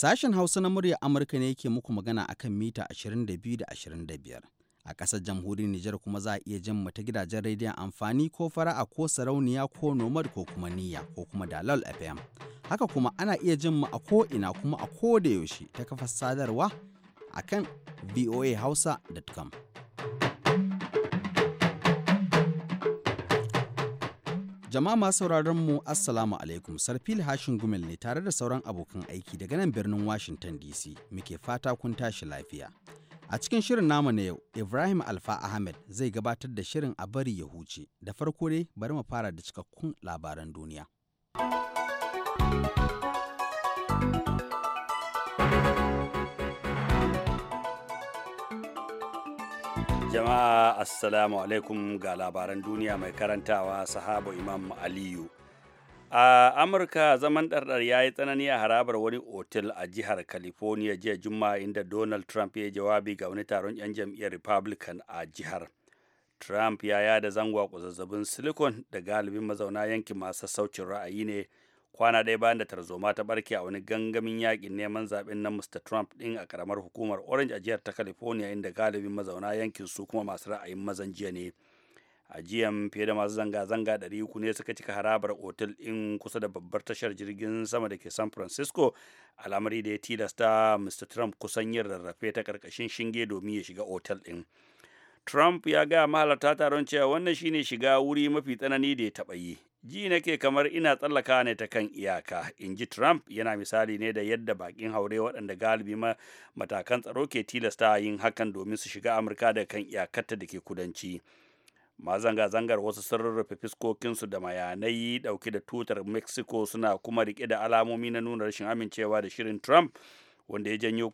Sashen Hausa na muryar Amurka ne yake muku magana akan mita 22 da 25. A ƙasar jamhuriyar Nijar kuma za a iya jin mu ta gidajen rediyon amfani ko fara'a ko sarauniya ko nomad ko kuma niyya ko kuma dalal FM. Haka kuma ana iya jin mu a ko'ina kuma a ko yaushe ta kafar sadarwa akan voahausa.com. Jama'a masu sauraron mu Assalamu alaikum Sarfil Hashin Gumel ne tare da sauran abokan aiki daga nan birnin Washington DC muke fata kun tashi lafiya. A cikin shirin namu na yau, Ibrahim Alfa Ahmed zai gabatar da shirin a bari ya huce. Da farko dai bari mu fara da cikakkun labaran duniya. Jama'a Assalamu alaikum ga labaran duniya mai karantawa sahabo Imam Aliyu. A Amurka zaman ɗarɗar ya yi tsanani a harabar wani otel a jihar California jiya Juma'a inda Donald Trump ya yi jawabi ga wani taron 'yan jam'iyyar Republican a jihar. Trump ya yada zangwa kuzazzabin Silicon da galibin mazauna yankin masu saucin ra'ayi ne. kwana ɗaya bayan da tarzoma ta barke a wani gangamin yakin neman zaɓen na Mr. Trump ɗin a karamar hukumar Orange a jihar ta California inda galibin mazauna yankin su kuma masu ra'ayin mazan jiya ne. A jiyan fiye da masu zanga-zanga ɗari uku ne suka cika harabar otel ɗin kusa da babbar tashar jirgin sama da ke San Francisco al'amari da ya tilasta Mr. Trump kusan yin rarrafe ta karkashin shinge domin ya shiga otel ɗin. Trump ya gaya mahalarta taron cewa wannan shine shiga wuri mafi tsanani da ya taɓa yi ji nake kamar ina tsallaka ne ta kan iyaka in ji trump yana misali ne da yadda bakin haure waɗanda galibi ma matakan tsaro ke tilasta yin hakan domin su shiga amurka da kan iyakarta da ke kudanci ma zanga-zangar wasu sun rarrafe fiskokinsu da mayanai ɗauke da tutar mexico suna kuma rike da alamomi na nuna rashin amincewa da shirin trump wanda ya janyo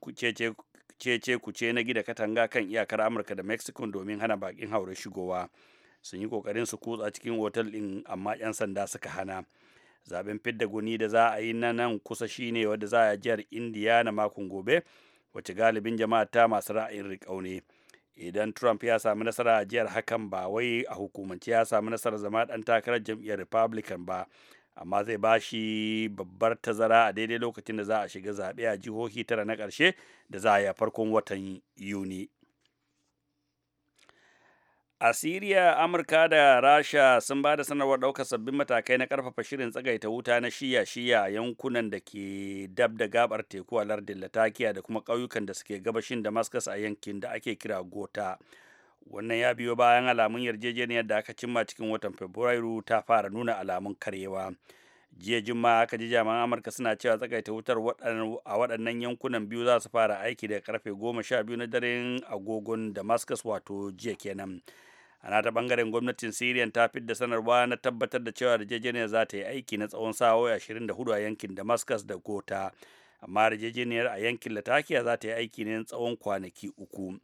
cece kuce na gida katanga kan iyakar amurka da mexico domin hana bakin haure shigowa. sun yi kokarin su kutsa cikin otal din amma 'yan sanda suka hana zaben fidda guni da za a yi na nan kusa shine wadda za a jihar indiya na makon gobe wacce galibin jama'a ta masu ra'ayin riƙau ne idan trump ya sami nasara a jihar hakan ba wai a hukumance ya sami nasarar zama ɗan takarar jam'iyyar republican ba amma zai ba shi babbar tazara a daidai lokacin da za a shiga zaɓe a jihohi tara na ƙarshe da za a yi a farkon watan yuni A Siriya, Amurka da Rasha sun ba da sanarwar ɗaukar sabbin matakai na karfafa shirin tsagaita wuta na shiya-shiya a yankunan da ke dab da gabar teku a lardin latakiya da kuma kauyukan da suke gabashin Damascus a yankin da ake kira Gota. Wannan ya biyo bayan alamun yarjejeniyar da aka cimma cikin watan Fabrairu ta fara nuna alamun karewa jiya juma'a aka ji jami'an amurka suna cewa tsagaita wutar a waɗannan yankunan biyu za su fara aiki daga karfe goma sha biyu na daren agogon damascus wato jiya kenan ana ta bangaren gwamnatin syrian ta da sanarwa na tabbatar da cewa yarjejeniyar za ta yi aiki na tsawon sa'o'i 24 a yankin damascus da gota amma yarjejeniyar a yankin latakia za ta yi aiki ne tsawon kwanaki uku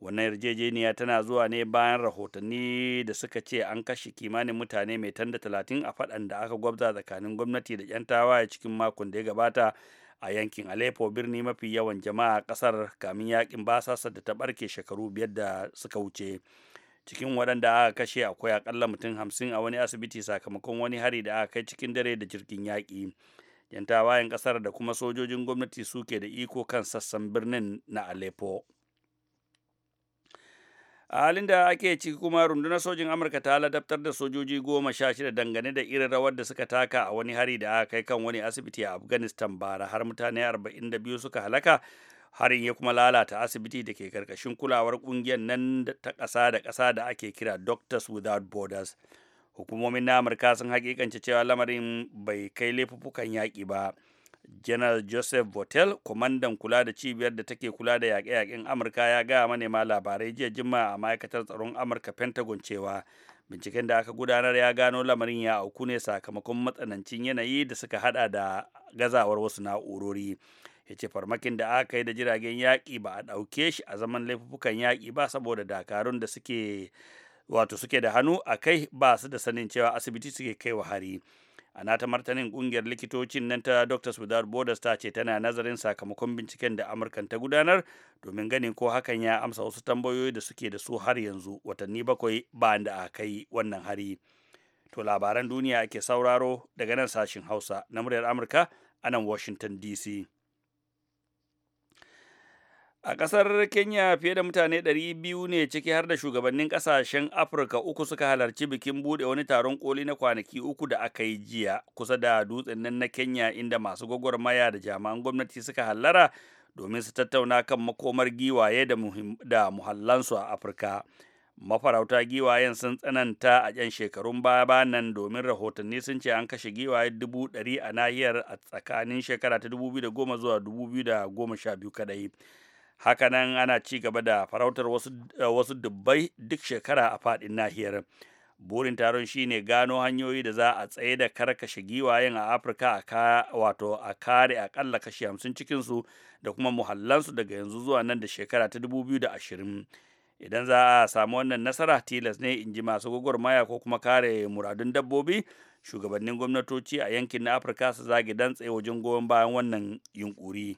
wannan yarjejeniya tana zuwa ne bayan rahotanni da suka ce an kashe kimanin mutane mai tanda talatin a faɗan da aka gwabza tsakanin gwamnati da 'yan tawaye cikin makon da ya gabata a yankin Aleppo birni mafi yawan jama'a kasar kamin yakin basasa da ta ɓarke shekaru biyar da suka wuce cikin waɗanda aka kashe akwai akalla mutum hamsin a wani asibiti sakamakon wani hari da aka kai cikin dare da jirgin yaƙi yan tawayen ƙasar da kuma sojojin gwamnati suke da iko kan sassan birnin na aleppo a halin da ake ciki kuma rundunar sojin amurka ta ladabtar da sojoji goma sha shida dangane da irin rawar da suka taka a wani hari da aka kai kan wani asibiti a afghanistan bara har mutane 42 suka halaka harin ya kuma lalata asibiti da ke karkashin kulawar kungiyar nan ta ƙasa da ƙasa da ake kira doctors without borders hukumomin na amurka sun hakikance cewa lamarin bai kai laifuffukan yaƙi ba general joseph votel kwamandan kula da cibiyar da take kula da yaƙe-yaƙen amurka ya gaya manema labarai jiya jimma a ma'aikatar tsaron amurka pentagon cewa binciken da aka gudanar ya gano lamarin ya auku ne sakamakon matsanancin yanayi da suka hada da gazawar wasu na'urori ya ce farmakin da aka yi da jiragen yaƙi ba a ɗauke shi a zaman laifukan yaƙi ba saboda dakarun da suke wato suke da hannu a kai ba su da sanin cewa asibiti suke kai wa hari a nata martanin ƙungiyar likitocin nan ta doctors without borders ta ce tana nazarin sakamakon binciken da amurkan ta gudanar domin ganin ko hakan ya amsa wasu tambayoyi da suke da su har yanzu watanni bakwai ba da a kai wannan hari to labaran duniya ake sauraro daga nan sashin hausa na muryar amurka a nan washington dc A ƙasar Kenya fiye da mutane 200 ne ciki har da shugabannin ƙasashen Afirka uku suka halarci bikin buɗe wani taron koli na kwanaki uku da aka yi jiya kusa da dutsen nan na Kenya inda masu gwagwarmaya da jami'an gwamnati suka hallara domin su tattauna kan makomar giwaye da muhallansu a Afirka. Mafarauta giwayen sun tsananta a 'yan shekarun baya nan domin rahotanni sun ce an kashe giwaye dubu ɗari a nahiyar a tsakanin shekara ta 2010 zuwa 2012 kadai. hakanan ana ci gaba da farautar wasu eh, dubbai duk shekara a fadin nahiyar burin taron shine gano hanyoyi da za a tsaye da karkashe giwayen a afirka wato a kare akalla kashi hamsin cikinsu da kuma muhallansu daga yanzu zuwa nan da shekara ta 2020 idan za a samu wannan nasara tilas ne in ji masu gwagwarmaya ko kuma kare muradun dabbobi shugabannin gwamnatoci a yankin na afirka su zage dantse wajen goyon bayan wannan yunkuri.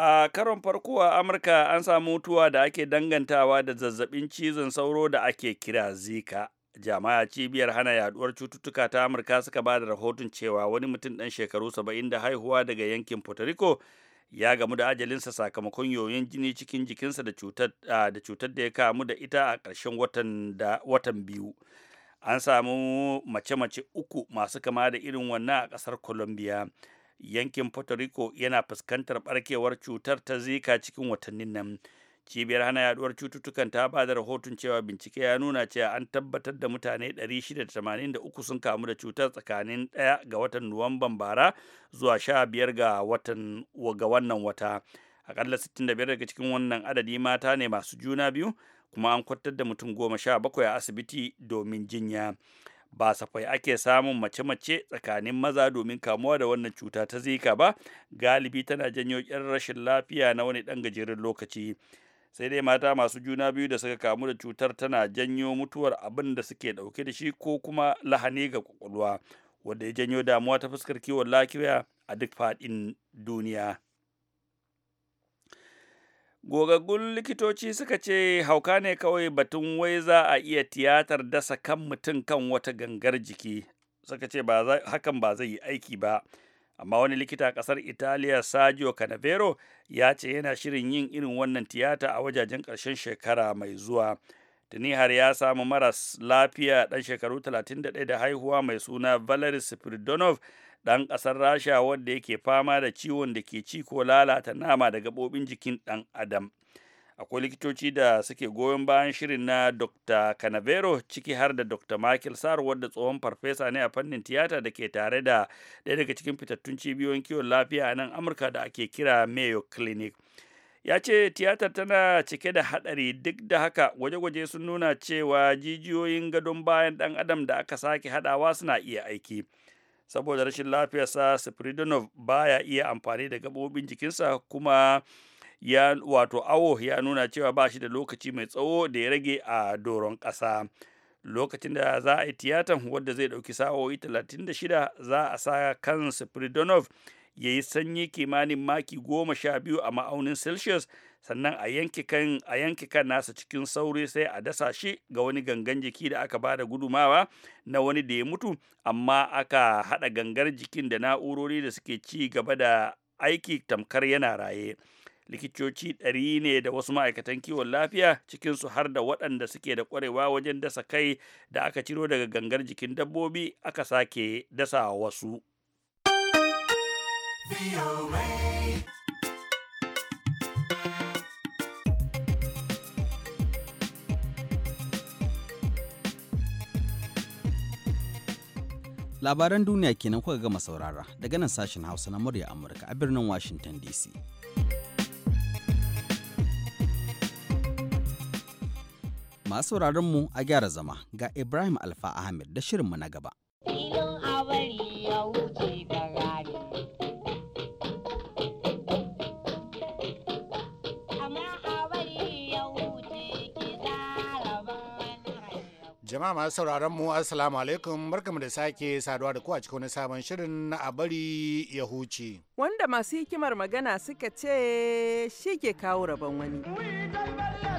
a karon farko a amurka an samu mutuwa da ake dangantawa da zazzabin cizon sauro da ake kira zika jama'a cibiyar hana yaduwar cututtuka ta amurka suka ba da rahoton cewa wani mutum ɗan shekaru saba'in da haihuwa daga yankin puerto rico ya gamu da ajalinsa sakamakon yoyin jini cikin jikinsa da cutar da cutar da ya kamu da ita a ƙarshen watan da watan biyu an samu mace-mace uku masu kama da irin wannan a ƙasar colombia yankin puerto rico yana fuskantar barkewar cutar ta zika cikin watannin nan cibiyar hana yaduwar cututtukan ta ba da rahoton cewa bincike ya nuna cewa an tabbatar da mutane 683 sun kamu da cutar tsakanin 1 ga watan nuwamban bara zuwa 15 ga watan ga wannan wata akalla 65 daga cikin wannan adadi mata ne masu juna biyu kuma an kwantar da mutum goma sha bakwai a asibiti domin jinya ba safai ake samun mace-mace tsakanin maza domin kamuwa da wannan cuta ta zika ba galibi tana janyo ƙyar rashin lafiya na wani ɗan gajeren lokaci sai dai mata masu juna biyu da suka kamu da cutar tana janyo mutuwar abin da suke ɗauke da shi ko kuma lahani ga ƙwaƙwalwa, wanda ya janyo damuwa ta fuskar kiwon lafiya a duk faɗin duniya. gogaggun likitoci suka ce hauka ne kawai batun wai za a iya tiyatar dasa kan mutum kan wata gangar jiki suka ce hakan ba zai yi aiki ba amma wani likita a ƙasar italiya sergio canavero ya ce yana shirin yin irin wannan tiyata a wajajen ƙarshen shekara mai zuwa tuni har ya samu maras lafiya ɗan shekaru 31 da haihuwa mai suna valeris spiridonov ɗan ƙasar rasha wadda yake fama da ciwon da ke ci ko lalata nama da gaɓoɓin jikin ɗan adam akwai likitoci da suke goyon bayan shirin na dr canavero ciki har da dr michael sar wadda tsohon farfesa ne a fannin tiyata da ke tare da ɗaya daga cikin fitattun cibiyoyin kiwon lafiya a nan amurka da ake kira mayo clinic ya ce tiyatar tana cike da haɗari duk da haka gwaje-gwaje sun nuna cewa jijiyoyin gadon bayan ɗan adam da aka sake haɗawa suna iya aiki saboda rashin lafiyarsa Spridonov baya iya amfani da gabobin jikinsa kuma ya wato awo ya nuna cewa ba shi da lokaci mai tsawo da ya rage a doron ƙasa lokacin da za a yi tiyatan wadda zai ɗauki sa'o'i 36 za a sa kan spiridonov ya yi sanyi kimanin maki goma sha biyu a ma'aunin celsius sannan a yanki kan a yanki kan nasa cikin sauri sai a dasa shi ga wani gangan jiki da aka ba da gudumawa na wani da ya mutu amma aka hada gangar jikin da na'urori da suke ci gaba da aiki tamkar yana raye likitoci ɗari ne da wasu ma'aikatan kiwon lafiya cikinsu har da waɗanda suke da ƙwarewa wajen dasa kai da aka ciro daga gangar jikin dabbobi aka sake dasa wasu. Labaran duniya kenan kuka gama saurara daga nan sashen Hausa na murya Amurka a birnin Washington DC. Masu mu a gyara zama ga Ibrahim Alfa Ahmed da shirinmu na gaba. jama'a masu sauraron mu assalamu alaikum barkamu da sake saduwa da ku a cikin sabon shirin na a bari ya huce. Wanda masu hikimar magana suka ce shi ke kawo rabon wani.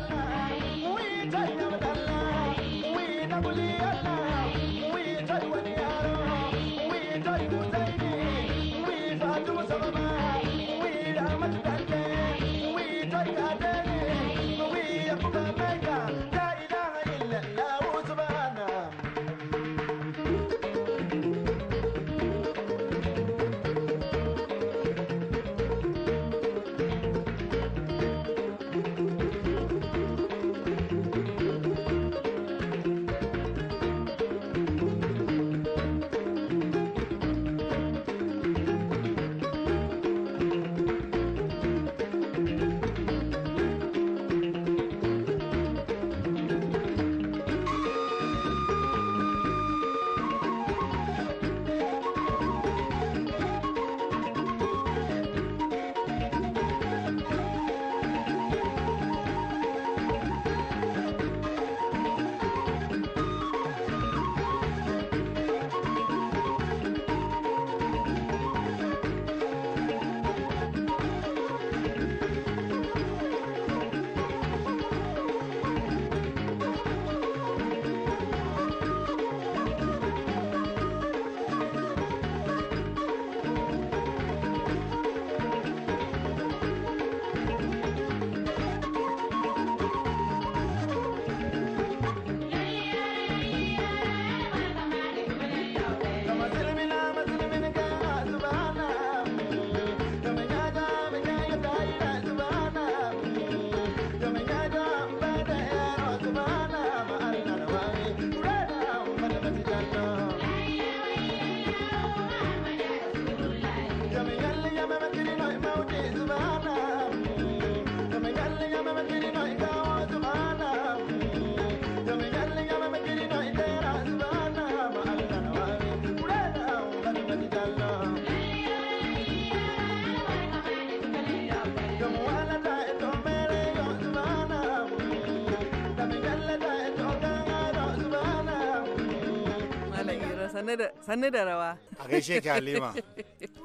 sanne da rawa a gaishe ki halima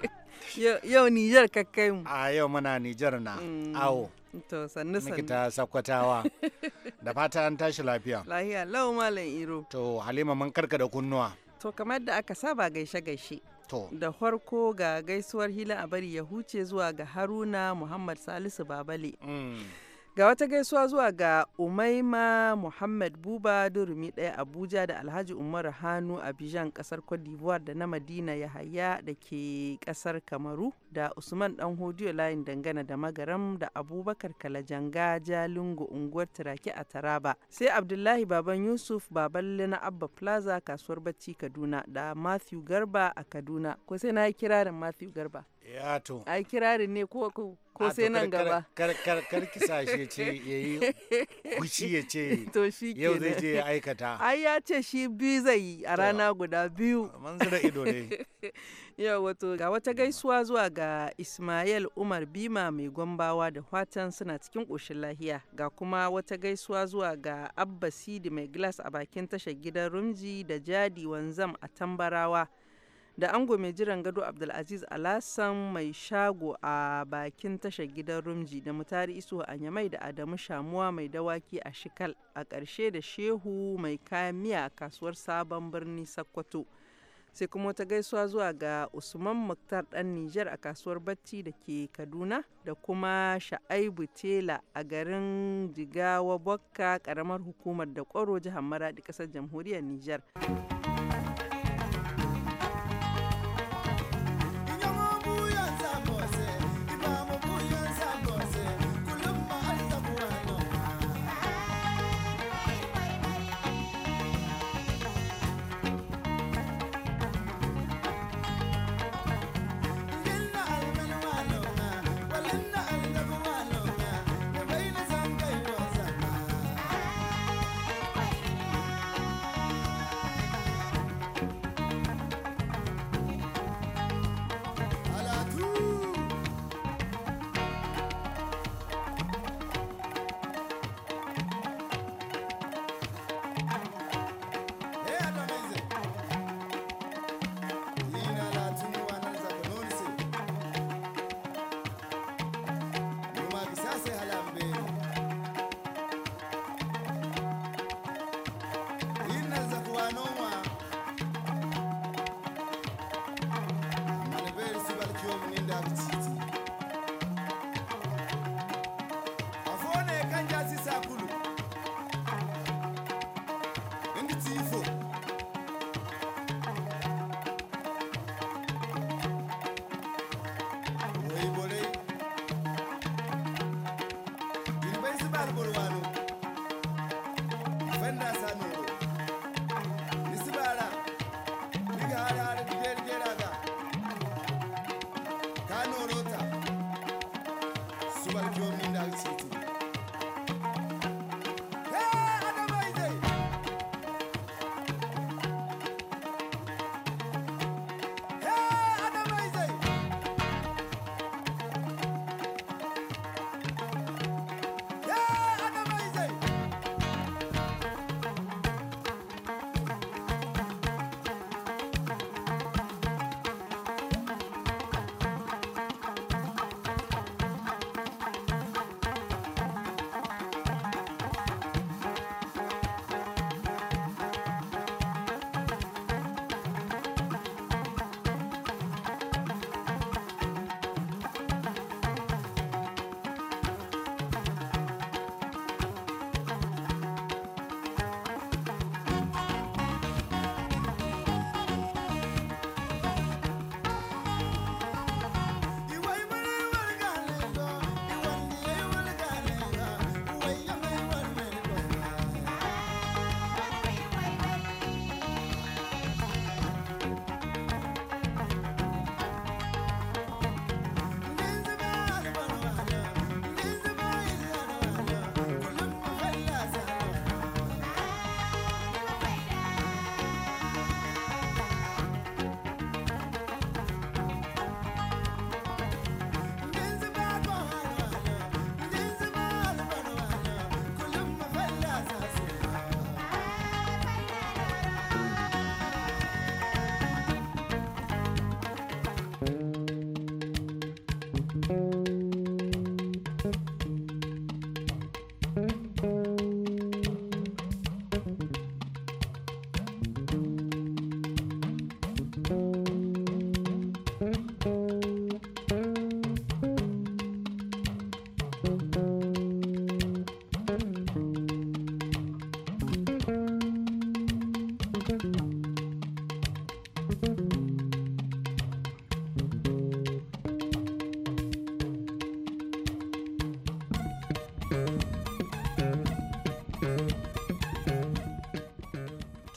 yau nijar kakkai mu a yau muna nijar na mm. awo to sanne sanne ta sakwatawa da fata an tashi lafiya lafiya lau malam iro to halima mun karka da kunnuwa to kamar da aka saba gaishe gaishe To. Da farko ga gaisuwar hila a bari ya huce zuwa ga Haruna Muhammad Salisu Babale. Mm. Ga wata gaisuwa zuwa ga Umaima Muhammad Buba Durumi ɗaya Abuja da Alhaji Umar Hanu abijan ƙasar Cote d'Ivoire da na Madina Yahaya da ke kasar Kamaru da Usman Dan Hodiyo layin dangana da Magaram da Abubakar Kalajanga Jalingo unguwar Turaki a Taraba. Sai Abdullahi Baban Yusuf Baballe na Abba Plaza kasuwar Bacci Kaduna da Matthew Garba a Kaduna. Ko sai na yi kirarin Matthew Garba. Ya to. Ai kirarin ne ko ko ah, sai nan gaba kar ki sashe ce ya yi kushi ya ce yau zai je ya aikata ai ya ce shi biyu zai yi a rana guda biyu manzura ido ne yau wato ga wata gaisuwa zuwa ga ismail umar bima mai gwambawa da fatan suna cikin ƙoshin lahiya ga kuma wata gaisuwa zuwa ga abba sidi mai glass a bakin tashar gidan rumji da jadi wanzam a tambarawa da ango mai jiran gado abdulaziz alasan mai shago a bakin tashar gidan rumji da mutari iso a nyamai da adamu shamuwa mai dawaki a shikal a ƙarshe da shehu mai kayan miya a kasuwar sabon birni sakkwato sai kuma ta gaisuwa zuwa ga usman muktar dan nijar a kasuwar bacci da ke kaduna da kuma sha'aibu tela a garin jigawa bokka karamar hukumar da kwaro jihar maradi kasar jamhuriyar nijar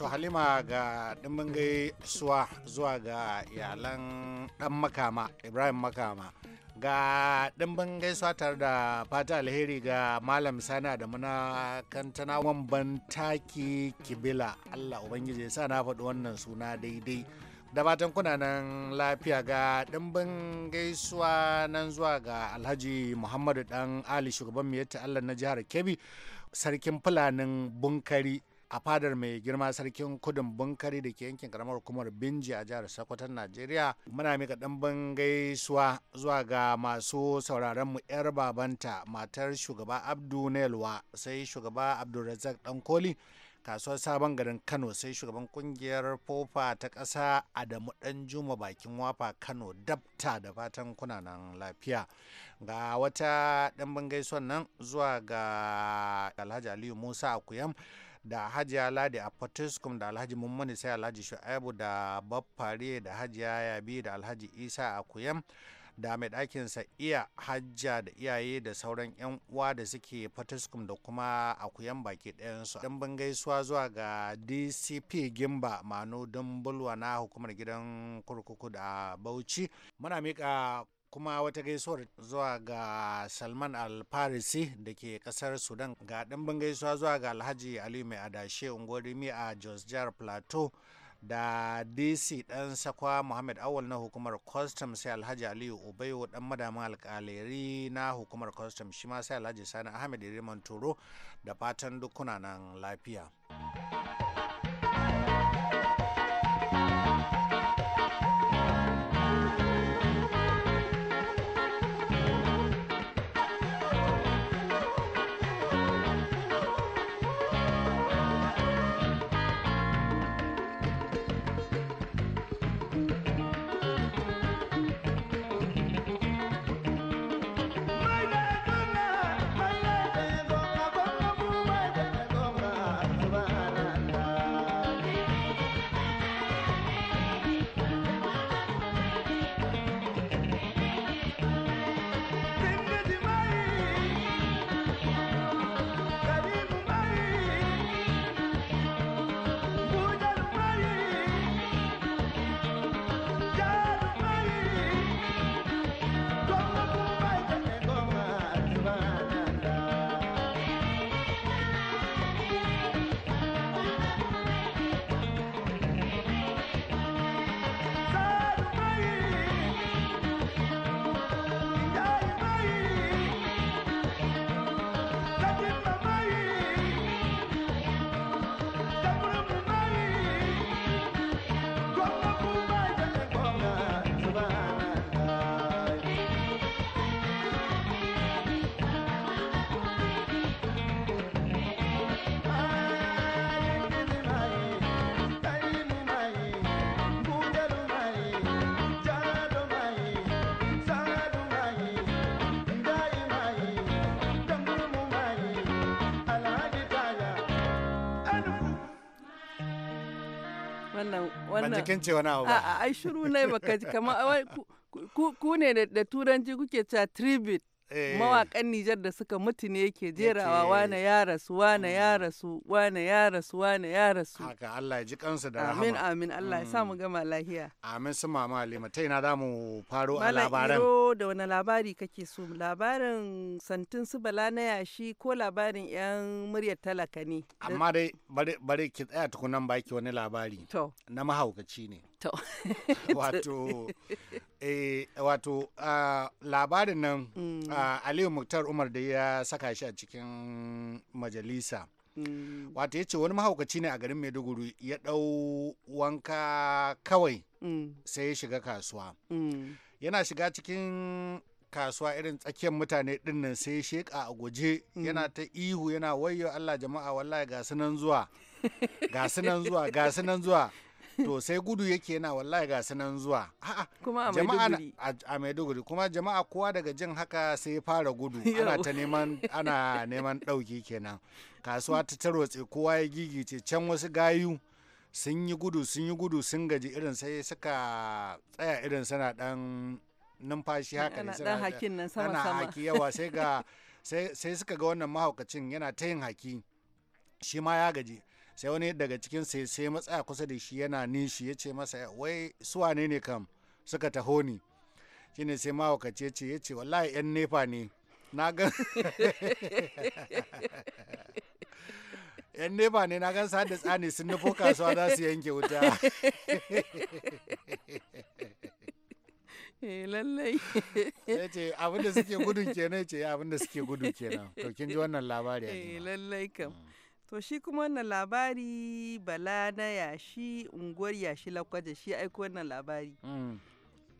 halima ga dimbin suwa zuwa ga iyalan ɗan makama ibrahim makama ga dimbin suwa tare da fata alheri ga malam sana da muna kantana wamban taki kibila allah ubangiji ya sa na faɗi wannan suna daidai da batan kuna nan lafiya ga dimbin gaisuwa nan zuwa ga alhaji muhammadu dan ali shugaban miyatta allah na jihar kebbi sarkin fulanin bunkari a fadar mai girma sarkin kudin bunkari da ke yankin karamar hukumar binji a jihar sokoton najeriya muna mika dimbin gaisuwa zuwa ga masu sauraron mu yar babanta matar shugaba abdu nelwa sai shugaba Razak Dan koli kasuwar sabon garin kano sai shugaban kungiyar fofa ta ƙasa adamu dan juma bakin wafa kano dabta da fatan kunanan lafiya ga wata dan bangai nan zuwa ga alhaji aliyu musa akuyam da haji aladi a potiskum da alhaji mummuni sai alhaji shu'aibu da baffare da hajiya yabi da alhaji isa akuyam da mai ɗakinsa iya hajja da iyaye da sauran 'yan uwa da suke fataskum da kuma akuyan baki ɗayansu don ban gaisuwa zuwa ga dcp gimba manu don bulwa na hukumar gidan kurkuku da bauchi muna mika kuma wata gaisuwar zuwa ga salman alfarisi da ke kasar sudan ga ɗimbin gaisuwa zuwa ga alhaji aliyu mai adashe ungwarimi a jos jihar plateau da dc dan sakwa muhammad awal na hukumar kwastam sai alhaji aliyu ubayo dan madamin alkaleri na hukumar kwastam shi ma sai alhaji sani ahmed riman toro da fatan duk nan lafiya. wannan wannan ban jikin ce wani abu ba ai shiru ne baka ji kamar ku ne da turanci kuke cewa tribute Eh. mawakan Nijar da suka mutu ne yake jerawa wane ya rasu wane ya mm. rasu wane ya rasu wane ya rasu haka Allah ya ji kansu da rahama amin amin Allah ya sa mu mm. gama lahiya amin su mama Halima ta ina mu faro a labaran Malam da wani labari kake so labarin santin su bala na yashi ko labarin yan muryar talaka ne amma dai bari ki tsaya tukunan baki wani labari na mahaukaci ne to wato eh wato labarin nan mm. aliyu muktar umar da ya saka shi a cikin majalisa mm. wato ya ce wani mahaukaci ne a garin maiduguri ya ɗau wanka kawai mm. sai ya shiga kasuwa yana shiga cikin kasuwa irin tsakiyar mutane dinnan sai sheka a guje yana ta ihu yana wayo allah jama'a wallahi ga nan zuwa ga nan zuwa ga nan zuwa to sai gudu yake yana wallahi ga sanan zuwa kuma a maiduguri kuma jama'a kowa daga jin haka sai ya fara gudu ana ta neman ana neman ɗauki kenan kasuwa ta tarotse kowa ya gigice can wasu gayu sun yi gudu sun yi gudu sun gaji irin sai suka tsaya irin suna dan numfashi haka ne suna hakin nan sama sama haki yawa sai ga sai suka ga wannan mahaukacin yana ta yin haki shi ma ya gaji sai wani daga cikin sai sai matsaya kusa da shi yana nishi ya ce masa wai suwa ne ne kam suka taho ni shine sai mahaukaci ce ya ce wallahi yan nefa ne na gan yan nefa ne na gan sa da tsani sun nufo kasuwa za su yanke wuta eh, lallai ya ce abinda suke gudun kenan ce eh, abinda suke gudun kenan to kin ji wannan labari eh, lallai kam mm. To shi kuma wannan labari bala na yashi unguwar yashi lakwaje shi aiko wannan labari. Mm.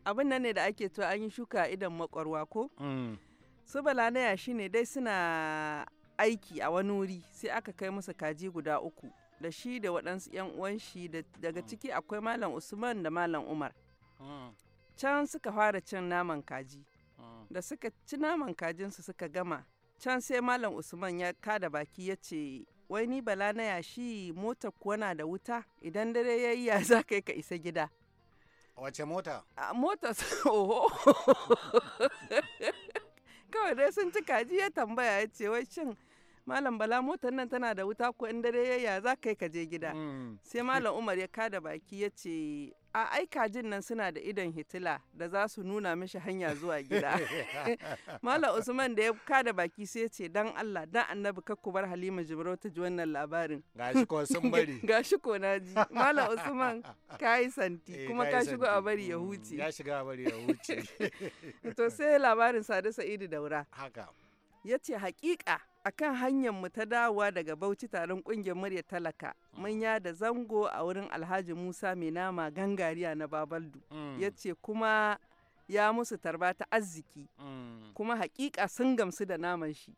Abin nan ne da ake to an yi shuka idan makwarwa ko? Mm. Su bala na yashi ne dai suna aiki a wani wuri sai aka kai masa kaji guda uku da shi da waɗansu 'yan uwan shi daga mm. ciki akwai malam Usman da malam Umar. Can suka fara cin naman kaji. Da suka ci naman kajinsu suka gama. Can sai malam Usman ya kada baki ya ce wai ni bala na yashi motar kuwa na da wuta idan dare ya yi ya za ka ka isa gida wace mota a oho kawai dai sun ci kaji ya tambaya ya ce wai shin malam bala motar nan tana da wuta ko in dare ya ya za ka ka je gida mm. sai malam umar ya kada baki ya ce a aika jin nan suna da idon hitila da za su nuna mishi hanya zuwa gida mala usman da ya kada baki sai ce dan allah dan annabi kakku bar halima jimarau ta ji wannan labarin gashi ko sun bari gashi ko na ji mala usman yi santi eh, kuma ka shigo a bari ya mm, huce ya shiga a bari ya huce to sai labarin sadu sa'idu daura haka ya ce hakika a kan mu ta dawowa daga bauchi taron kungiyar murya talaka mun mm. da zango a wurin alhaji musa mai nama gangariya na babaldu mm. ya ce kuma ya musu tarba ta arziki mm. kuma hakika sun gamsu da naman shi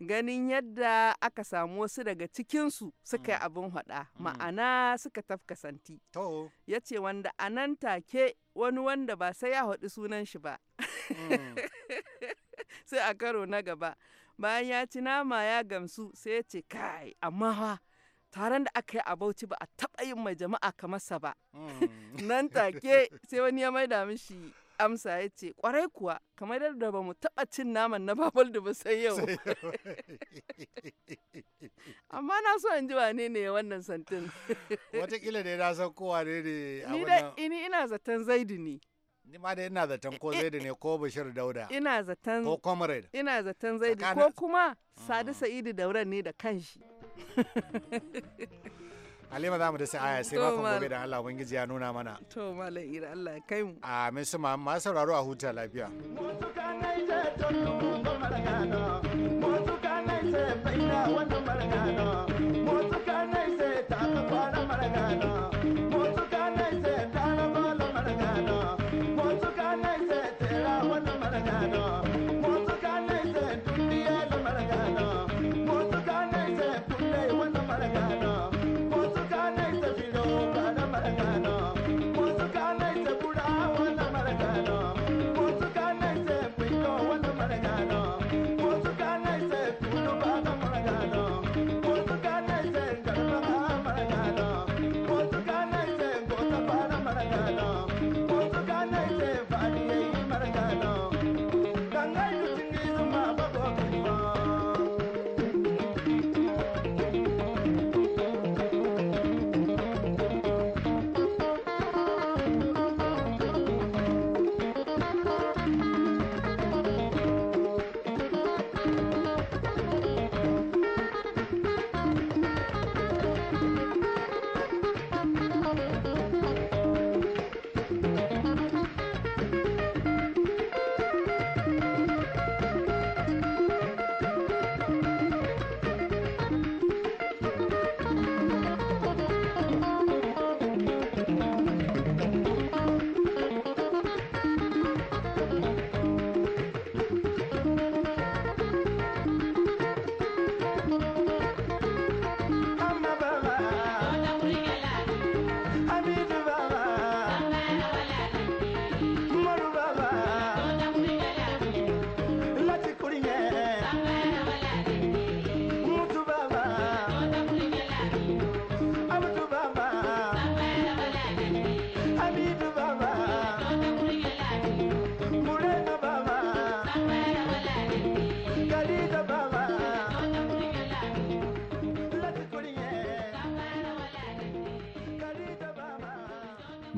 ganin yadda aka samu wasu daga cikinsu suka yi abin hada ma'ana suka tafka santi ya ce wanda a nan take wani wanda ba sai ya haɗu sunan shi ba sai a karo na gaba bayan ya ci nama ya gamsu sai ya ce kai amma fa taron da aka yi a bauchi ba a taɓa yin mai jama'a kamar sa ba hmm. nan take sai wani ya maida mishi amsa ya ce kwarai kuwa kamar yadda ba mu taɓa cin naman na babal da ba sai yau amma na so in ji wane ne wannan santin watakila ne na san kowa ne ne ni ina zaton zaidi ne ni ma da ina zaton ko eh, eh, zaidu ne ko bashir dauda ina zaton ko comrade ina zaton zaidu ko kuma mm. sadu sa'idu dauran ne da kanshi Halima za mu da aya sai makon gobe da Allah Ubangiji ya nuna mana. To Malam Ira Allah ya kai mu. Amin su ma ma sauraro a huta lafiya. Motsuka nai sai ta kwana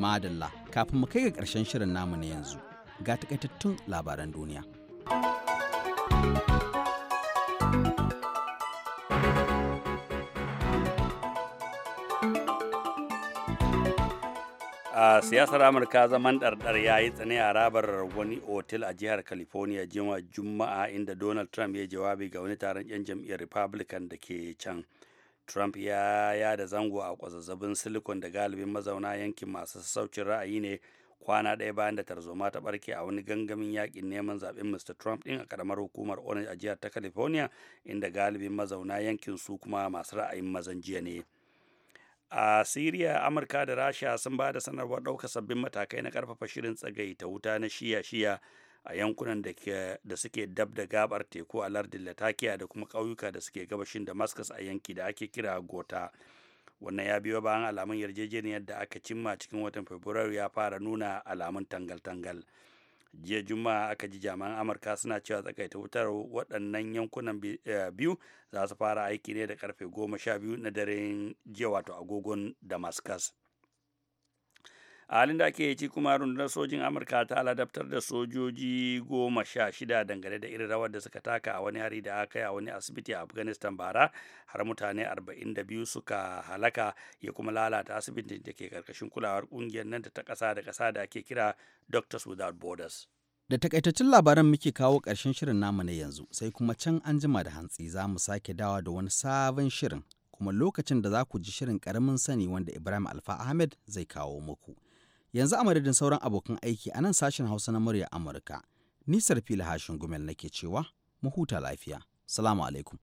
madalla kafin mu kai ga ƙarshen shirin namu na yanzu ga takaitattun labaran duniya. a siyasar amurka zaman ɗarɗar ya yi tsane a rabar wani otel a jihar california jima juma'a inda donald trump ya jawabi ga wani taron 'yan jam'iyyar republican da ke can Trump ya yada zango a kwazazzabin Silicon da galibin mazauna yankin masu sassaucin ra'ayi ne kwana ɗaya bayan da tarzoma ta barke a wani gangamin yakin neman zaɓen Mr. Trump ɗin a ƙaramar hukumar Orange a jihar ta California inda galibin mazauna yankin su kuma masu ra'ayin mazan jiya ne. A Siriya, Amurka da Rasha sun ba da sanarwar ɗaukar sabbin matakai na ƙarfafa shirin tsagaita wuta na shiya-shiya a yankunan da suke dab da gabar teku a lardin latakia da kuma ƙauyuka da suke gabashin damascus a yanki da ake kira gota wannan ya biyo bayan alamun yarjejeniyar da aka cimma cikin watan fabrairu ya fara nuna alamun tangal-tangal jiya juma'a aka ji jami'an amurka suna cewa tsakaita wutar waɗannan yankunan eh, biyu za su fara aiki ne da karfe goma sha biyu na daren jiya wato agogon damascus a halin da ake ci kuma rundunar sojin amurka ta ladabtar da sojoji goma sha shida dangane da irin rawar da suka taka a wani hari da aka yi a wani asibiti a afghanistan bara har mutane 42 suka halaka ya kuma lalata asibitin da ke karkashin kulawar kungiyar nan da ta kasa da kasa da ake kira doctors without borders da takaitaccen labaran muke kawo karshen shirin namu na yanzu sai kuma can an jima da hantsi za mu sake dawa da wani sabon shirin kuma lokacin da za ku ji shirin karamin sani wanda ibrahim alfa ahmed zai kawo muku. Yanzu a madadin sauran abokan aiki a nan sashen Hausa na murya Amurka, nisar fili hashin gumel nake cewa mu huta lafiya. Salamu alaikum.